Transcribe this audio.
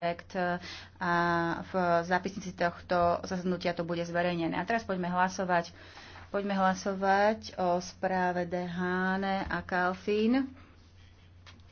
projekt eh, a v zápisnici tohto zasadnutia to bude zverejnené. A teraz poďme hlasovať. Poďme hlasovať o správe Dehane a Kalfín.